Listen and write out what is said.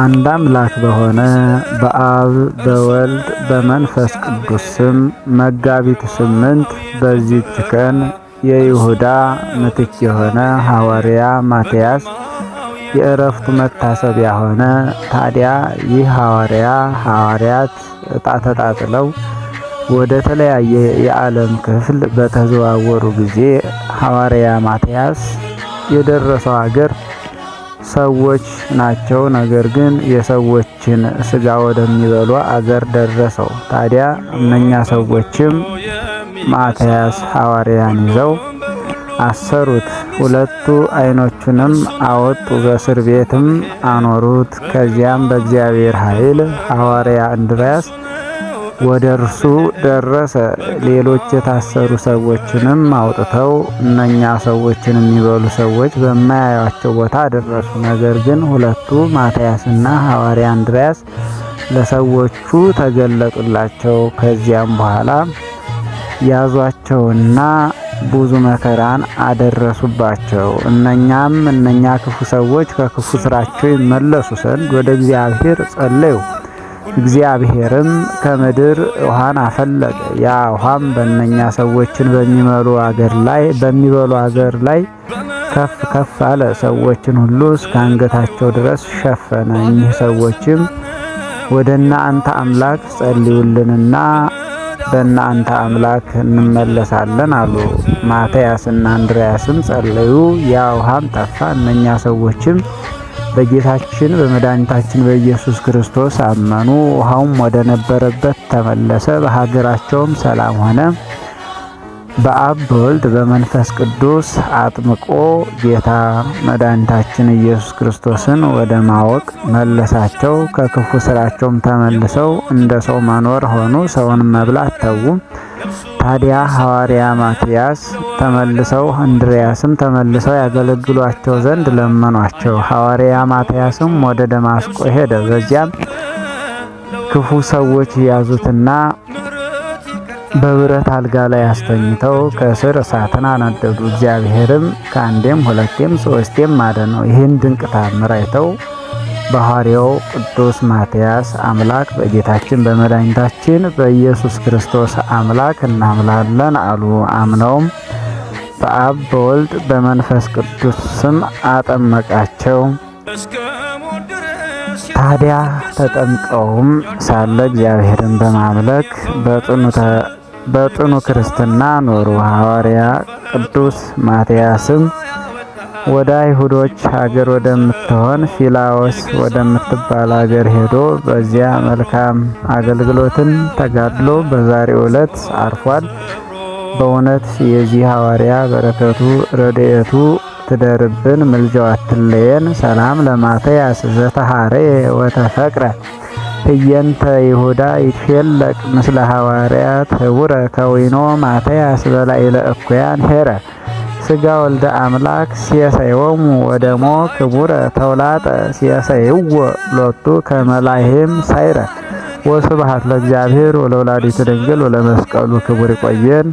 አንድ አምላክ በሆነ በአብ በወልድ በመንፈስ ቅዱስ ስም መጋቢት ስምንት በዚህች ቀን የይሁዳ ምትክ የሆነ ሐዋርያ ማትያስ የእረፍቱ መታሰቢያ ሆነ። ታዲያ ይህ ሐዋርያ ሐዋርያት እጣ ተጣጥለው ወደ ተለያየ የዓለም ክፍል በተዘዋወሩ ጊዜ ሐዋርያ ማትያስ የደረሰው አገር ሰዎች ናቸው። ነገር ግን የሰዎችን ስጋ ወደሚበሉ አገር ደረሰው። ታዲያ እነኛ ሰዎችም ማትያስ ሐዋርያን ይዘው አሰሩት። ሁለቱ አይኖቹንም አወጡ፣ በእስር ቤትም አኖሩት። ከዚያም በእግዚአብሔር ኃይል ሐዋርያ እንድርያስ ወደ እርሱ ደረሰ። ሌሎች የታሰሩ ሰዎችንም አውጥተው እነኛ ሰዎችን የሚበሉ ሰዎች በማያዩቸው ቦታ አደረሱ። ነገር ግን ሁለቱ ማትያስና ሐዋርያ አንድሪያስ ለሰዎቹ ተገለጡላቸው። ከዚያም በኋላ ያዟቸውና ብዙ መከራን አደረሱባቸው። እነኛም እነኛ ክፉ ሰዎች ከክፉ ስራቸው ይመለሱ ዘንድ ወደ እግዚአብሔር ጸለዩ። እግዚአብሔርም ከምድር ውሃን አፈለገ ያ ውሃም በእነኛ ሰዎችን በሚመሉ አገር ላይ በሚበሉ አገር ላይ ከፍ ከፍ አለ። ሰዎችን ሁሉ እስከ አንገታቸው ድረስ ሸፈነ። እኚህ ሰዎችም ወደ እናንተ አምላክ ጸልዩልንና በእናንተ አምላክ እንመለሳለን አሉ። ማትያስና አንድሪያስም ጸለዩ። ያ ውሃም ጠፋ። እነኛ ሰዎችም በጌታችን በመድኃኒታችን በኢየሱስ ክርስቶስ አመኑ። ውሃውም ወደ ነበረበት ተመለሰ፣ በሀገራቸውም ሰላም ሆነ። በአብ በወልድ በመንፈስ ቅዱስ አጥምቆ ጌታ መድኃኒታችን ኢየሱስ ክርስቶስን ወደ ማወቅ መለሳቸው። ከክፉ ስራቸውም ተመልሰው እንደ ሰው መኖር ሆኑ። ሰውን መብላት ተዉ። ታዲያ ሐዋርያ ማትያስ ተመልሰው እንድርያስም ተመልሰው ያገለግሏቸው ዘንድ ለመኗቸው። ሐዋርያ ማትያስም ወደ ደማስቆ ሄደ። በዚያም ክፉ ሰዎች ያዙትና በብረት አልጋ ላይ አስተኝተው ከስር እሳትን አነደዱ። እግዚአብሔርም ከአንዴም ሁለቴም ሶስቴም ነው ይህን ድንቅ ታምር አይተው በሐዋርያው ቅዱስ ማትያስ አምላክ በጌታችን በመድኃኒታችን በኢየሱስ ክርስቶስ አምላክ እናምላለን አሉ። አምነውም በአብ በወልድ በመንፈስ ቅዱስ ስም አጠመቃቸው። ታዲያ ተጠምቀውም ሳለ እግዚአብሔርን በማምለክ በጽኑ በጥኑ ክርስትና ኖሩ። ሐዋርያ ቅዱስ ማትያስም ወደ አይሁዶች ሀገር ወደምትሆን ፊላዎስ ወደምትባል ሀገር ሄዶ በዚያ መልካም አገልግሎትን ተጋድሎ በዛሬ ዕለት አርፏል። በእውነት የዚህ ሐዋርያ በረከቱ ረድኤቱ ትደርብን፣ ምልጃው አትለየን። ሰላም ለማትያስ ዘተሐረ ወተፈቅረ እየንተ ይሁዳ ይትፌለቅ ምስለ ሐዋርያት ህቡረ ከዊኖ ማትያስ በላይ ለእኩያን ሄረ ስጋ ወልደ አምላክ ሲያሳይወሙ ወደሞ ክቡረ ተውላጠ ሲያሳይዎ ሎቱ ከመላይህም ሳይረ ወስብሐት ለእግዚአብሔር ወለወላዲቱ ድንግል ወለመስቀሉ ክቡር ይቆየን።